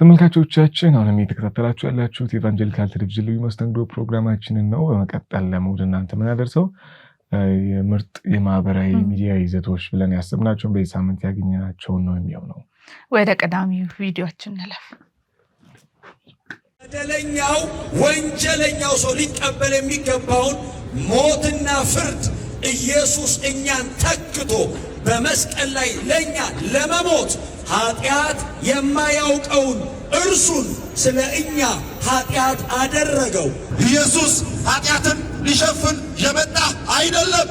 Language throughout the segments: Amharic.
ተመልካቾቻችን አሁንም እየተከታተላችሁ ያላችሁት የኤቫንጀሊካል ቴሌቪዥን ልዩ መስተንግዶ ፕሮግራማችንን ነው። በመቀጠል ለመውድ እናንተ የምርጥ የማህበራዊ ሚዲያ ይዘቶች ብለን ያሰብናቸውን በዚህ ሳምንት ያገኘናቸውን ነው የሚሆነው። ወደ ቀዳሚው ቪዲዮችን እንለፍ። በደለኛው ወንጀለኛው ሰው ሊቀበል የሚገባውን ሞትና ፍርድ ኢየሱስ እኛን ተክቶ በመስቀል ላይ ለእኛ ለመሞት ኃጢአት የማያውቀውን እርሱን ስለ እኛ ኃጢአት አደረገው። ኢየሱስ ኃጢአትን ሊሸፍን የመጣ አይደለም፣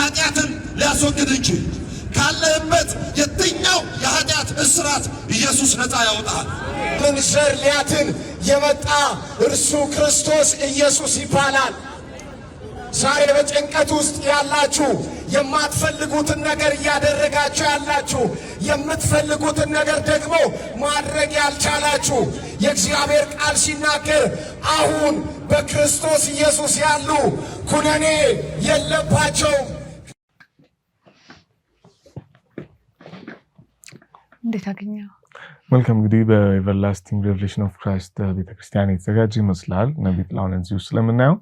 ኃጢአትን ሊያስወግድ እንጂ። ካለህበት የትኛው የኃጢአት እስራት ኢየሱስ ነፃ ያወጣል። ምንዘር ሊያትን የመጣ እርሱ ክርስቶስ ኢየሱስ ይባላል። ዛሬ በጭንቀት ውስጥ ያላችሁ የማትፈልጉትን ነገር እያደረጋችሁ ያላችሁ የምትፈልጉትን ነገር ደግሞ ማድረግ ያልቻላችሁ የእግዚአብሔር ቃል ሲናገር አሁን በክርስቶስ ኢየሱስ ያሉ ኩነኔ የለባቸው። እንዴት አገኘው? መልካም እንግዲህ በኤቨርላስቲንግ ሬቨሌሽን ኦፍ ክራይስት ቤተክርስቲያን የተዘጋጀ ይመስላል ነቢይ ጥላሁን እዚሁ ስለምናየው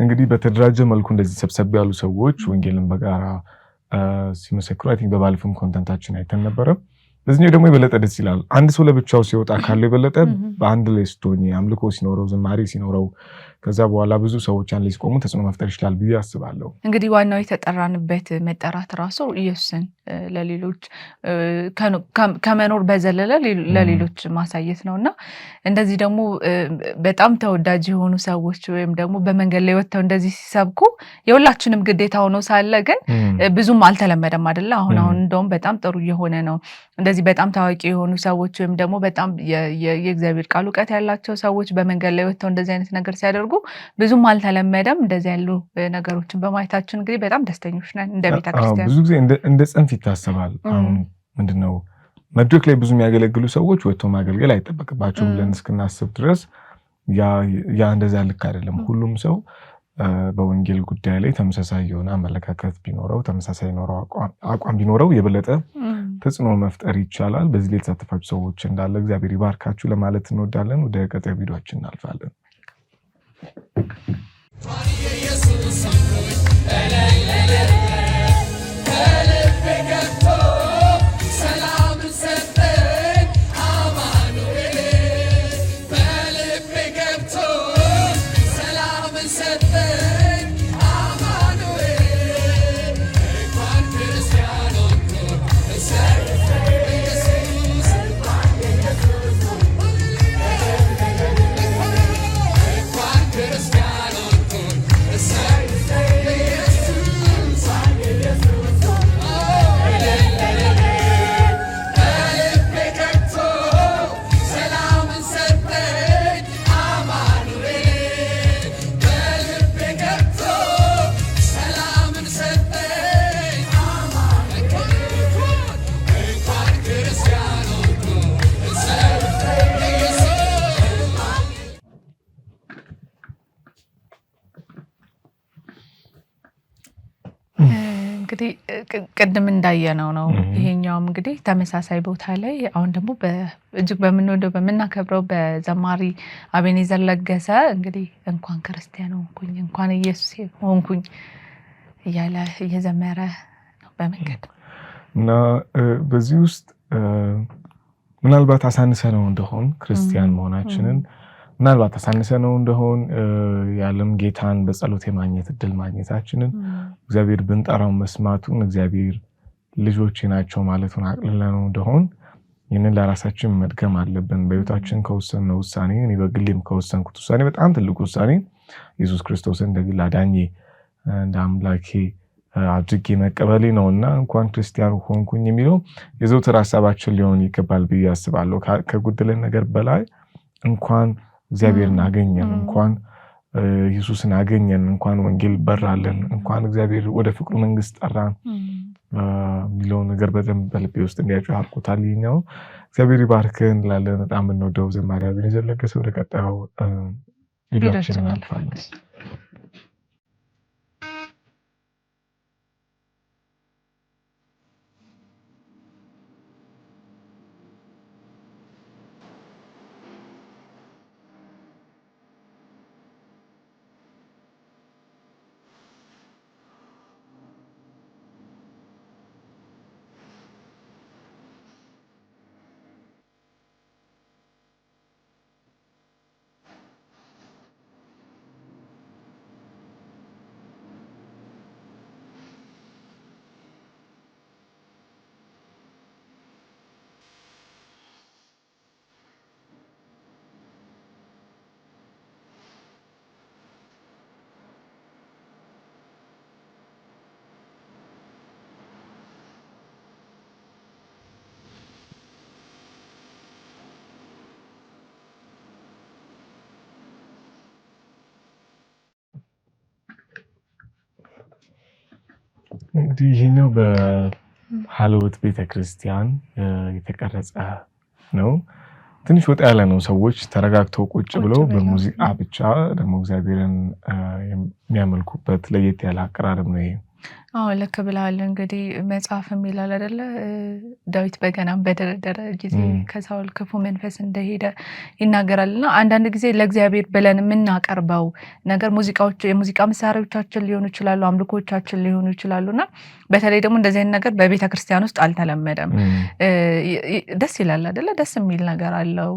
እንግዲህ በተደራጀ መልኩ እንደዚህ ሰብሰብ ያሉ ሰዎች ወንጌልን በጋራ ሲመሰክሩ አይ ቲንክ በባለፈውም ኮንተንታችን አይተን ነበረም በዚህኛው ደግሞ የበለጠ ደስ ይላል። አንድ ሰው ለብቻው ሲወጣ ካለው የበለጠ በአንድ ላይ ስትሆኝ አምልኮ ሲኖረው ዝማሬ ሲኖረው ከዛ በኋላ ብዙ ሰዎች አንድ ላይ ሲቆሙ ተጽዕኖ መፍጠር ይችላል ብዬ አስባለሁ። እንግዲህ ዋናው የተጠራንበት መጠራት ራሱ ኢየሱስን ለሌሎች ከመኖር በዘለለ ለሌሎች ማሳየት ነው እና እንደዚህ ደግሞ በጣም ተወዳጅ የሆኑ ሰዎች ወይም ደግሞ በመንገድ ላይ ወጥተው እንደዚህ ሲሰብኩ የሁላችንም ግዴታ ሆኖ ሳለ ግን ብዙም አልተለመደም አይደለ? አሁን አሁን እንደውም በጣም ጥሩ እየሆነ ነው። እንደዚህ በጣም ታዋቂ የሆኑ ሰዎች ወይም ደግሞ በጣም የእግዚአብሔር ቃል እውቀት ያላቸው ሰዎች በመንገድ ላይ ወጥተው እንደዚህ አይነት ነገር ሲያደርጉ ብዙም አልተለመደም። እንደዚህ ያሉ ነገሮችን በማየታችን እንግዲህ በጣም ደስተኞች ነን። እንደ ቤተክርስቲያን ብዙ ጊዜ እንደ ጽንፍ ይታሰባል። አሁን ምንድነው መድረክ ላይ ብዙ የሚያገለግሉ ሰዎች ወጥቶ ማገልገል አይጠበቅባቸውም ብለን እስክናስብ ድረስ ያ እንደዛ ልክ አይደለም። ሁሉም ሰው በወንጌል ጉዳይ ላይ ተመሳሳይ የሆነ አመለካከት ቢኖረው ተመሳሳይ ኖረው አቋም ቢኖረው የበለጠ ተጽዕኖ መፍጠር ይቻላል። በዚህ ላይ የተሳተፋችሁ ሰዎች እንዳለ እግዚአብሔር ይባርካችሁ ለማለት እንወዳለን። ወደ ቀጣዩ ቪዲዮችን እናልፋለን። እንግዲህ ቅድም እንዳየነው ነው። ይሄኛውም እንግዲህ ተመሳሳይ ቦታ ላይ አሁን ደግሞ እጅግ በምንወደው በምናከብረው በዘማሪ አቤኔዘር ለገሰ እንግዲህ እንኳን ክርስቲያን ሆንኩኝ እንኳን ኢየሱስ ሆንኩኝ እያለ እየዘመረ ነው በመንገድ እና በዚህ ውስጥ ምናልባት አሳንሰ ነው እንደሆን ክርስቲያን መሆናችንን ምናልባት አሳንሰ ነው እንደሆን የዓለም ጌታን በጸሎት የማግኘት እድል ማግኘታችንን እግዚአብሔር ብንጠራው መስማቱን እግዚአብሔር ልጆች ናቸው ማለቱን አቅልለ ነው እንደሆን ይህንን ለራሳችን መድገም አለብን። በህይወታችን ከወሰነ ውሳኔ እኔ በግሌም ከወሰንኩት ውሳኔ በጣም ትልቅ ውሳኔ ኢየሱስ ክርስቶስን እንደ ግል አዳኜ እንደ አምላኬ አድርጌ መቀበሌ ነው እና እንኳን ክርስቲያን ሆንኩኝ የሚለው የዘውትር ሀሳባችን ሊሆን ይገባል ብዬ አስባለሁ። ከጉድለን ነገር በላይ እንኳን እግዚአብሔርን አገኘን እንኳን ኢየሱስን አገኘን እንኳን ወንጌል በራለን እንኳን እግዚአብሔር ወደ ፍቅሩ መንግስት ጠራን የሚለው ነገር በደንብ በልቤ ውስጥ እንዲያቸው አርቆታል። ይኛው እግዚአብሔር ይባርክ እንላለን። በጣም እንወደው ዘማሪ ዘለገሰ ለገሰ ወደ ቀጣዩ ሌዳችን አልፋለን። እንግዲህ ይህኛው በሀልወት ቤተክርስቲያን የተቀረጸ ነው። ትንሽ ወጣ ያለ ነው። ሰዎች ተረጋግተው ቁጭ ብለው በሙዚቃ ብቻ ደግሞ እግዚአብሔርን የሚያመልኩበት ለየት ያለ አቀራረብ ነው ይሄ። አዎ ልክ ብለሃል። እንግዲህ መጽሐፍም ይላል አይደለ? ዳዊት በገናም በደረደረ ጊዜ ከሳውል ክፉ መንፈስ እንደሄደ ይናገራል። እና አንዳንድ ጊዜ ለእግዚአብሔር ብለን የምናቀርበው ነገር ሙዚቃዎች፣ የሙዚቃ መሳሪያዎቻችን ሊሆኑ ይችላሉ፣ አምልኮቻችን ሊሆኑ ይችላሉ። እና በተለይ ደግሞ እንደዚህ አይነት ነገር በቤተ ክርስቲያን ውስጥ አልተለመደም። ደስ ይላል አይደለ? ደስ የሚል ነገር አለው።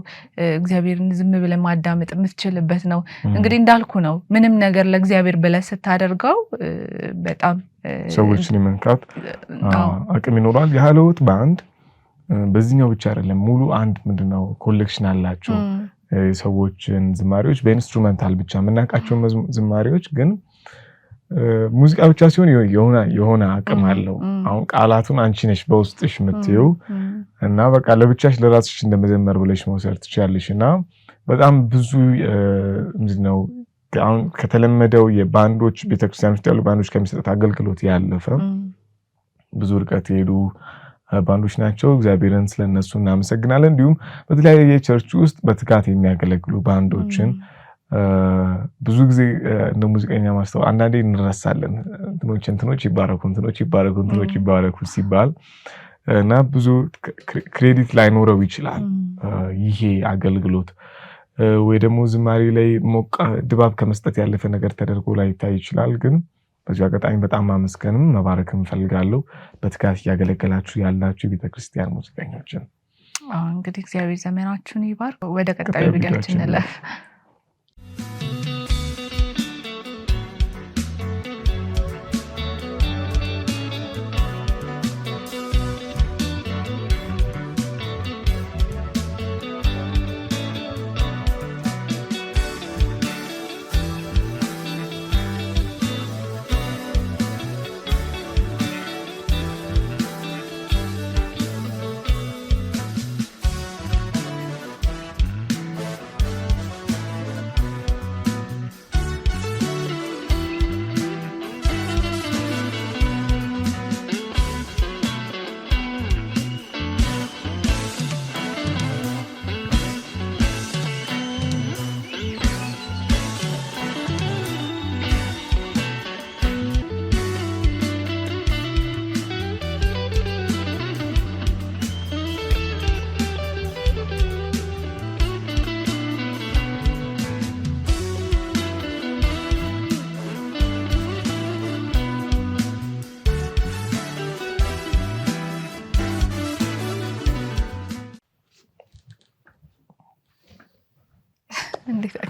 እግዚአብሔርን ዝም ብለን ማዳመጥ የምትችልበት ነው። እንግዲህ እንዳልኩ ነው፣ ምንም ነገር ለእግዚአብሔር ብለን ስታደርገው በጣም ሰዎችን የመንካት አቅም ይኖራል። የሀለወት በአንድ በዚህኛው ብቻ አይደለም። ሙሉ አንድ ምንድነው ኮሌክሽን አላቸው የሰዎችን ዝማሬዎች በኢንስትሩመንታል ብቻ የምናውቃቸው ዝማሬዎች ግን ሙዚቃ ብቻ ሲሆን የሆነ አቅም አለው። አሁን ቃላቱን አንቺ ነሽ በውስጥሽ የምትይው እና በቃ ለብቻሽ ለራስሽ እንደመዘመር ብለሽ መውሰድ ትችላለሽ እና በጣም ብዙ ምንድነው አሁን ከተለመደው የባንዶች ቤተክርስቲያን ውስጥ ያሉ ባንዶች ከሚሰጡት አገልግሎት ያለፈ ብዙ ርቀት የሄዱ ባንዶች ናቸው። እግዚአብሔርን ስለነሱ እናመሰግናለን። እንዲሁም በተለያየ ቸርች ውስጥ በትጋት የሚያገለግሉ ባንዶችን ብዙ ጊዜ እንደ ሙዚቀኛ ማስተዋል አንዳንዴ እንረሳለን። እንትኖች እንትኖች ይባረኩ እንትኖች ይባረኩ እንትኖች ይባረኩ ሲባል እና ብዙ ክሬዲት ላይኖረው ይችላል ይሄ አገልግሎት ወይ ደግሞ ዝማሬ ላይ ሞቃ ድባብ ከመስጠት ያለፈ ነገር ተደርጎ ላይታይ ይችላል። ግን በዚሁ አጋጣሚ በጣም ማመስገንም መባረክም እንፈልጋለሁ በትጋት እያገለገላችሁ ያላችሁ የቤተክርስቲያን ሙዚቀኞችን። እንግዲህ እግዚአብሔር ዘመናችሁን ይባርክ። ወደ ቀጣዩ ቪዲዮችን እንለፍ።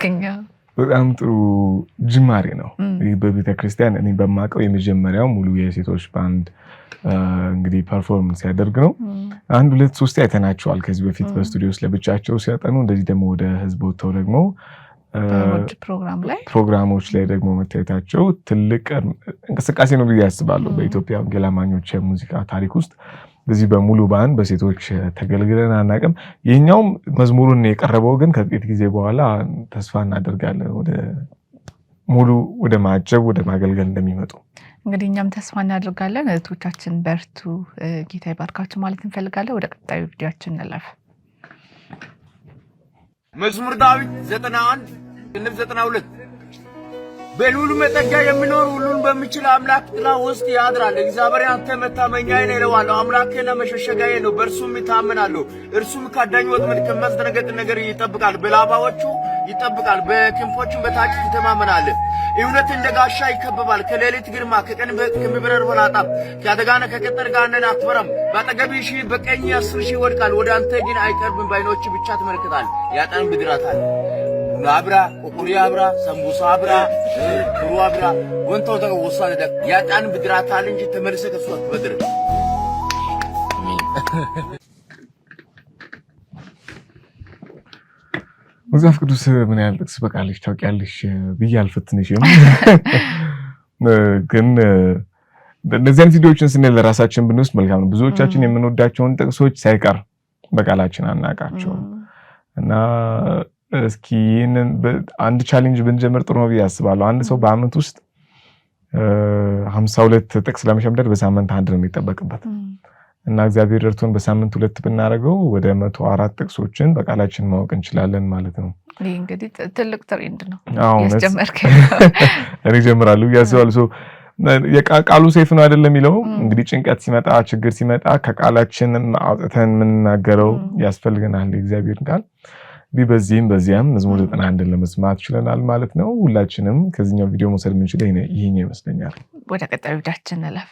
አደረክኝ። በጣም ጥሩ ጅማሬ ነው። በቤተክርስቲያን እኔ በማውቀው የመጀመሪያው ሙሉ የሴቶች ባንድ እንግዲህ ፐርፎርማንስ ሲያደርግ ነው። አንድ ሁለት ሶስት አይተናቸዋል ከዚህ በፊት በስቱዲዮ ውስጥ ለብቻቸው ሲያጠኑ፣ እንደዚህ ደግሞ ወደ ህዝብ ወጥተው ደግሞ ፕሮግራሞች ላይ ደግሞ መታየታቸው ትልቅ እንቅስቃሴ ነው ብዬ ያስባለሁ። በኢትዮጵያ ወንጌል አማኞች የሙዚቃ ታሪክ ውስጥ በዚህ በሙሉ ባንድ በሴቶች ተገልግለን አናውቅም። ይህኛውም መዝሙሩን የቀረበው ግን ከጥቂት ጊዜ በኋላ ተስፋ እናደርጋለን ወደ ሙሉ ወደ ማጀብ ወደ ማገልገል እንደሚመጡ እንግዲህ እኛም ተስፋ እናደርጋለን። እህቶቻችን በርቱ፣ ጌታ ይባርካችሁ ማለት እንፈልጋለን። ወደ ቀጣዩ ቪዲዮችን እንለፍ። መዝሙር ዳዊት 91 ቅንፍ 92 በልዑል መጠጊያ የሚኖር ሁሉን በሚችል አምላክ ጥላ ውስጥ ያድራል። እግዚአብሔር አንተ መታመኛዬ ነህ እለዋለሁ፣ አምላኬና መሸሸጋዬ ነው፣ በእርሱም እታመናለሁ። እርሱም ከአዳኝ ወጥመድ ከሚያስደነግጥ ነገር ይጠብቃል፣ በላባዎቹ ይጠብቃል፣ በክንፎቹም በታች ትተማመናለህ። እውነት እንደ ጋሻ ይከበባል። ከሌሊት ግርማ፣ ከቀን ከሚበረር ሆላጣ፣ ከአደጋነ ከቅጥር ጋነን አትፈራም። በአጠገብህ ሺ በቀኝ አስር ሺ ይወድቃል፣ ወደ አንተ ግን አይቀርብም። በዓይኖች ብቻ ትመለከታለህ፣ ያጣን ብድራታል ಗಾಬ್ರಾ ቁቁሪ አብራ ሰንቡሳ አብራ ሩ አብራ ወንተው ተቀ ወሳ ደቅ ያጣን ብድራታል እንጂ ተመልሰ ከሱ አትበድር። መጽሐፍ ቅዱስ ምን ያህል ጥቅስ በቃልሽ ታውቂያለሽ ብዬ አልፈትንሽም፣ ግን እንደዚህ አይነት ቪዲዮዎችን ስንል ለራሳችን ብንወስድ መልካም ነው። ብዙዎቻችን የምንወዳቸውን ጥቅሶች ሳይቀር በቃላችን አናውቃቸውም እና እስኪ ይህንን አንድ ቻሌንጅ ብንጀምር ጥሩ ነው ብዬ አስባለሁ። አንድ ሰው በአመት ውስጥ ሀምሳ ሁለት ጥቅስ ለመሸምደድ በሳምንት አንድ ነው የሚጠበቅበት እና እግዚአብሔር ረድቶን በሳምንት ሁለት ብናደርገው ወደ መቶ አራት ጥቅሶችን በቃላችን ማወቅ እንችላለን ማለት ነው። ይህ እንግዲህ ትልቅ ትሬንድ ነው። እኔ ጀምራለሁ ያስባሉ የቃሉ ሴፍ ነው አይደለም የሚለው እንግዲህ ጭንቀት ሲመጣ ችግር ሲመጣ ከቃላችን አውጥተን የምንናገረው ያስፈልገናል የእግዚአብሔር ቃል እንግዲህ በዚህም በዚያም መዝሙር ዘጠና አንድን ለመስማት ችለናል ማለት ነው። ሁላችንም ከዚኛው ቪዲዮ መውሰድ የምንችለው ይህኛው ይመስለኛል። ወደ ቀጣዩ ዳችን እለፍ።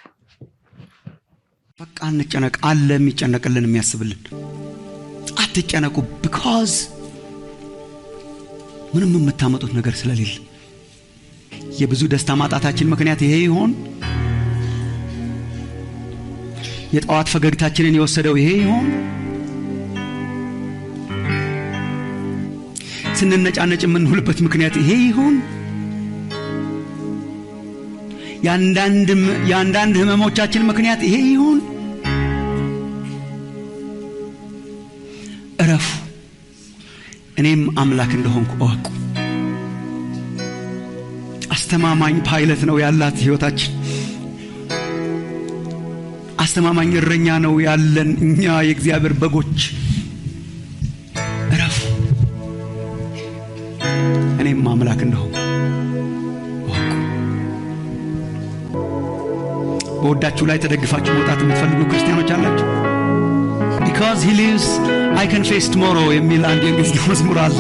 በቃ እንጨነቅ አለ የሚጨነቅልን የሚያስብልን አትጨነቁ፣ ቢካዝ ምንም የምታመጡት ነገር ስለሌለ የብዙ ደስታ ማጣታችን ምክንያት ይሄ ይሆን? የጠዋት ፈገግታችንን የወሰደው ይሄ ይሆን? ስንነጫነጭ የምንውልበት ምክንያት ይሄ ይሁን። የአንዳንድ ህመሞቻችን ምክንያት ይሄ ይሁን። እረፉ፣ እኔም አምላክ እንደሆንኩ እወቁ። አስተማማኝ ፓይለት ነው ያላት ህይወታችን። አስተማማኝ እረኛ ነው ያለን እኛ የእግዚአብሔር በጎች እኔም አምላክ እንደሆን በወዳችሁ ላይ ተደግፋችሁ መውጣት የምትፈልጉ ክርስቲያኖች አላችሁ። ቢካዝ ሂ ሊቭስ አይ ከን ፌስ ቱሞሮ የሚል አንድ የእንግሊዝኛ መዝሙር አለ።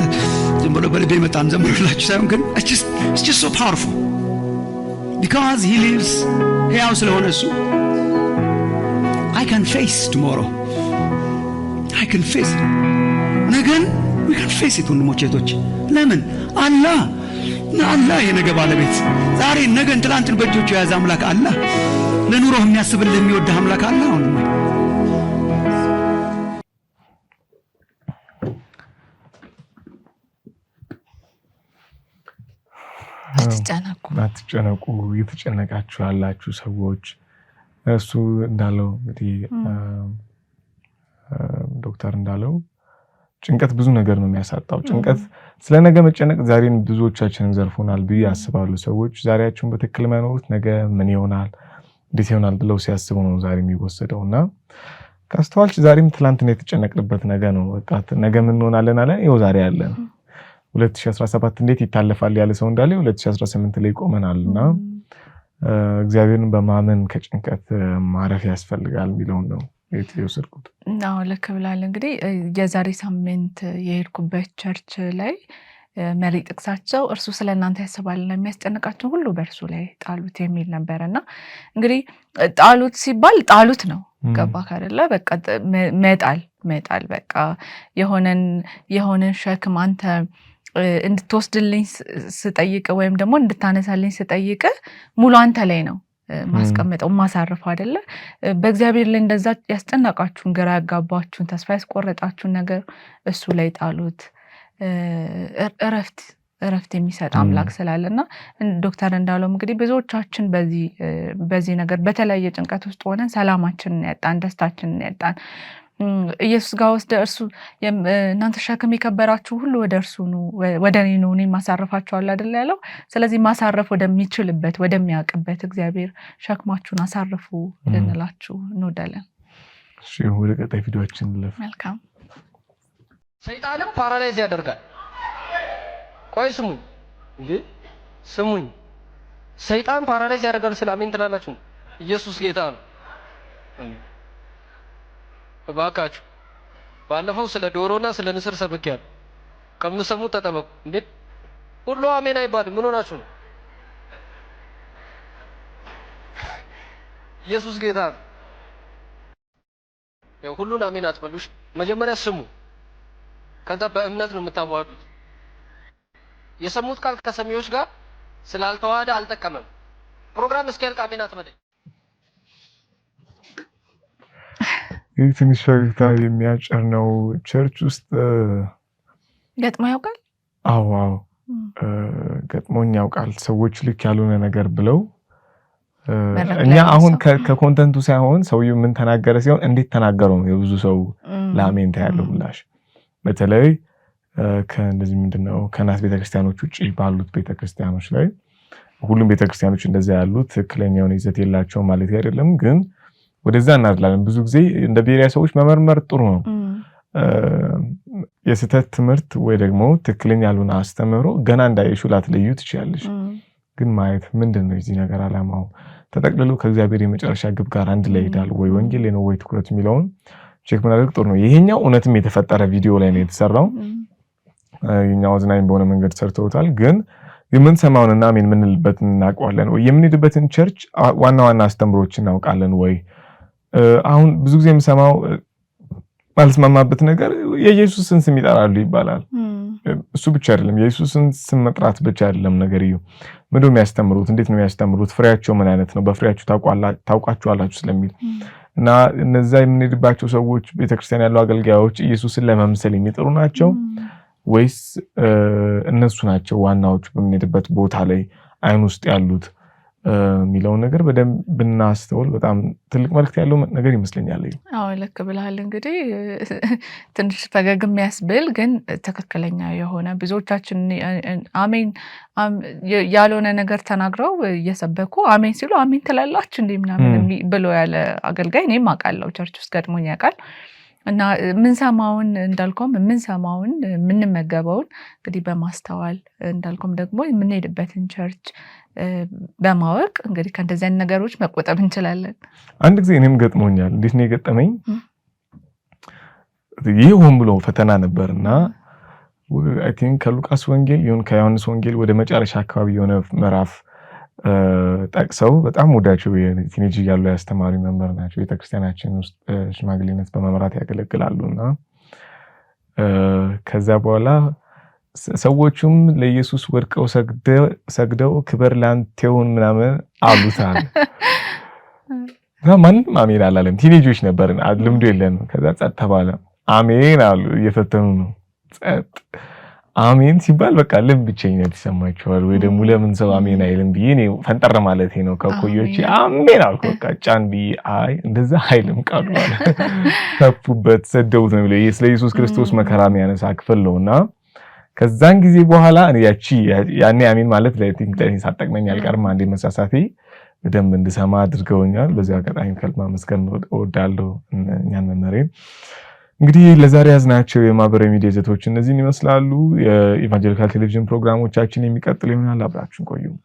ዝም ብሎ በልቤ መጣም ዘምሮላችሁ ሳይሆን ግን ኢትስ ሶ ፓወርፉ ቢካዝ ሂ ሊቭስ ሕያው ስለሆነ እሱ አይ ከን ፌስ ቱሞሮ አይ ከን ፌስ ነገን ዊ ከን ፌስ ኢት ወንድሞቼ ለምን አላህ አላህ የነገ ባለቤት ዛሬ ነገን ትላንትን በእጆቹ የያዘ አምላክ አላህ ለኑሮህ የሚያስብል የሚወድህ አምላክ አላህ አሁን አትጨነቁ የተጨነቃችሁ ያላችሁ ሰዎች እሱ እንዳለው እንግዲህ ዶክተር እንዳለው ጭንቀት ብዙ ነገር ነው የሚያሳጣው ጭንቀት ስለ ነገ መጨነቅ ዛሬን ብዙዎቻችንን ዘርፎናል ብዬ አስባለሁ። ሰዎች ዛሬያቸውን በትክክል መኖሩት ነገ ምን ይሆናል እንዴት ይሆናል ብለው ሲያስቡ ነው ዛሬ የሚወሰደው እና ካስተዋልች ዛሬም ትላንትና የተጨነቅንበት ነገ ነው። በቃ ነገ ምን እንሆናለን አለ ይኸው ዛሬ አለን። 2017 እንዴት ይታለፋል ያለ ሰው እንዳለ 2018 ላይ ቆመናል እና እግዚአብሔርን በማመን ከጭንቀት ማረፍ ያስፈልጋል የሚለውን ነው የት የወሰድኩት? አዎ ልክ ብላል። እንግዲህ የዛሬ ሳምንት የሄድኩበት ቸርች ላይ መሪ ጥቅሳቸው እርሱ ስለ እናንተ ያስባልና የሚያስጨንቃቸው ሁሉ በእርሱ ላይ ጣሉት የሚል ነበር እና እንግዲህ ጣሉት ሲባል ጣሉት ነው ገባ ካደለ በቃ መጣል መጣል በቃ የሆነን የሆነን ሸክም አንተ እንድትወስድልኝ ስጠይቅ ወይም ደግሞ እንድታነሳልኝ ስጠይቅ ሙሉ አንተ ላይ ነው ማስቀመጠው ማሳርፍ አይደለ። በእግዚአብሔር ላይ እንደዛ ያስጨነቃችሁን፣ ግራ ያጋባችሁን፣ ተስፋ ያስቆረጣችሁን ነገር እሱ ላይ ጣሉት። እረፍት እረፍት የሚሰጥ አምላክ ስላለ እና ዶክተር እንዳለውም እንግዲህ ብዙዎቻችን በዚህ ነገር በተለያየ ጭንቀት ውስጥ ሆነን ሰላማችንን ያጣን፣ ደስታችንን ያጣን፣ ኢየሱስ ጋር ወስደ እርሱ እናንተ ሸክም የከበራችሁ ሁሉ ወደ እርሱ ኑ፣ ወደ እኔ ኑ፣ እኔም አሳርፋችኋለሁ አይደል ያለው። ስለዚህ ማሳረፍ ወደሚችልበት ወደሚያውቅበት እግዚአብሔር ሸክማችሁን አሳርፉ ልንላችሁ እንወዳለን። ወደ ቀጣይ ቪዲዮችን እንለፍ። መልካም ሰይጣንም ፓራላይዝ ያደርጋል። ቆይ ስሙኝ እንዴ ስሙኝ፣ ሰይጣን ፓራላይዝ ያደርጋል ስለ አሜን ትላላችሁ። ኢየሱስ ጌታ ነው። እባካችሁ ባለፈው ስለ ዶሮና ስለ ንስር ሰብኬያለሁ። ከምትሰሙ ተጠበቁ። እንዴት ሁሉ አሜን አይባልም። ምን ሆናችሁ ነው? ኢየሱስ ጌታ ነው። ያው ሁሉን አሜን አትበሉሽ። መጀመሪያ ስሙ፣ ከዛ በእምነት ነው የምታዋዱት። የሰሙት ቃል ከሰሚዎች ጋር ስላልተዋሃደ አልጠቀመም። ፕሮግራም እስኪያልቅ አሜን አትበለኝ። ይህ ትንሽ ፈገግታ የሚያጭር ነው። ቸርች ውስጥ ገጥሞ ያውቃል? አዎ አዎ፣ ገጥሞኝ ያውቃል። ሰዎች ልክ ያልሆነ ነገር ብለው እኛ አሁን ከኮንተንቱ ሳይሆን ሰውዬው ምን ተናገረ ሲሆን እንዴት ተናገረው ነው የብዙ ሰው ላሜንታ ያለው ምላሽ። በተለይ ከእንደዚህ ምንድነው ከእናት ቤተክርስቲያኖች ውጭ ባሉት ቤተክርስቲያኖች ላይ ሁሉም ቤተክርስቲያኖች እንደዚያ ያሉት ትክክለኛውን ይዘት የላቸውም ማለት አይደለም ግን ወደዛ እናድላለን። ብዙ ጊዜ እንደ ብሔራዊ ሰዎች መመርመር ጥሩ ነው። የስህተት ትምህርት ወይ ደግሞ ትክክለኛ ያልሆነ አስተምህሮ ገና እንዳየሹ ላትለዩ ትችላለች። ግን ማየት ምንድን ነው የዚህ ነገር አላማው ተጠቅልሎ ከእግዚአብሔር የመጨረሻ ግብ ጋር አንድ ላይ ሄዳል ወይ ወንጌል ነው ወይ ትኩረት የሚለውን ቼክ ምናደርግ ጥሩ ነው። ይሄኛው እውነትም የተፈጠረ ቪዲዮ ላይ ነው የተሰራው። ኛ አዝናኝ በሆነ መንገድ ሰርተውታል። ግን የምንሰማውንና ሜን የምንልበት እናውቀዋለን ወይ? የምንሄድበትን ቸርች ዋና ዋና አስተምሮች እናውቃለን ወይ? አሁን ብዙ ጊዜ የምሰማው ማልስማማበት ነገር የኢየሱስን ስም ይጠራሉ ይባላል። እሱ ብቻ አይደለም፣ የኢየሱስን ስም መጥራት ብቻ አይደለም ነገር ምንድን ነው የሚያስተምሩት? እንዴት ነው የሚያስተምሩት? ፍሬያቸው ምን አይነት ነው? በፍሬያቸው ታውቋቸዋላችሁ ስለሚል እና እነዛ የምንሄድባቸው ሰዎች ቤተክርስቲያን ያሉ አገልጋዮች ኢየሱስን ለመምሰል የሚጥሩ ናቸው ወይስ እነሱ ናቸው ዋናዎቹ በምንሄድበት ቦታ ላይ አይን ውስጥ ያሉት? የሚለውን ነገር በደንብ ብናስተውል በጣም ትልቅ መልክት ያለው ነገር ይመስለኛል። አዎ ልክ ብለሃል። እንግዲህ ትንሽ ፈገግ የሚያስብል ግን ትክክለኛ የሆነ ብዙዎቻችን አሜን ያልሆነ ነገር ተናግረው እየሰበኩ አሜን ሲሉ አሜን ትላላችሁ እንዲህ ምናምን ብሎ ያለ አገልጋይ እኔም አውቃለሁ። ቸርች ውስጥ ገጥሞኝ ያውቃል። እና ምንሰማውን እንዳልኩም ምንሰማውን የምንመገበውን እንግዲህ በማስተዋል እንዳልኩም ደግሞ የምንሄድበትን ቸርች በማወቅ እንግዲህ ከእንደዚህ አይነት ነገሮች መቆጠብ እንችላለን። አንድ ጊዜ እኔም ገጥሞኛል። እንዴት ነው የገጠመኝ? ይህ ሆን ብሎ ፈተና ነበር እና ከሉቃስ ወንጌል ይሁን ከዮሐንስ ወንጌል ወደ መጨረሻ አካባቢ የሆነ ምዕራፍ ጠቅሰው በጣም ወዳቸው ቲኔጅ እያሉ ያስተማሪ መምህር ናቸው። ቤተክርስቲያናችን ውስጥ ሽማግሌነት በመምራት ያገለግላሉ እና ከዛ በኋላ ሰዎቹም ለኢየሱስ ወድቀው ሰግደው ክብር ላንቴውን ምናምን አሉታል። ማንም አሜን አላለም። ቲኔጆች ነበርን፣ ልምዱ የለንም። ከዛ ጸጥ ተባለ። አሜን አሉ። እየፈተኑ ነው። ጸጥ አሜን ሲባል በቃ ልብ ብቸኝነት ይሰማቸዋል፣ ወይ ደግሞ ለምን ሰው አሜን አይልም ብዬ እኔ ፈንጠር ማለት ነው። ከኮዮቼ አሜን አልኩ በቃ ጫን ብዬ አይ እንደዛ አይልም ቃሉ ተፉበት፣ ሰደቡት ነው ብለው ስለ ኢየሱስ ክርስቶስ መከራ የሚያነሳ ክፍል ነው እና ከዛን ጊዜ በኋላ ያቺ ያኔ አሜን ማለት ለቲንክ ሳጠቅመኝ አልቀርም አንዴ መሳሳቴ በደንብ እንድሰማ አድርገውኛል። በዚህ አጋጣሚ ከልማ መስገን እወዳለሁ እኛን መመሬን እንግዲህ ለዛሬ ያዝናቸው የማህበራዊ ሚዲያ ይዘቶች እነዚህን ይመስላሉ። የኢቫንጀሊካል ቴሌቪዥን ፕሮግራሞቻችን የሚቀጥል ይሆናል። አብራችን ቆዩም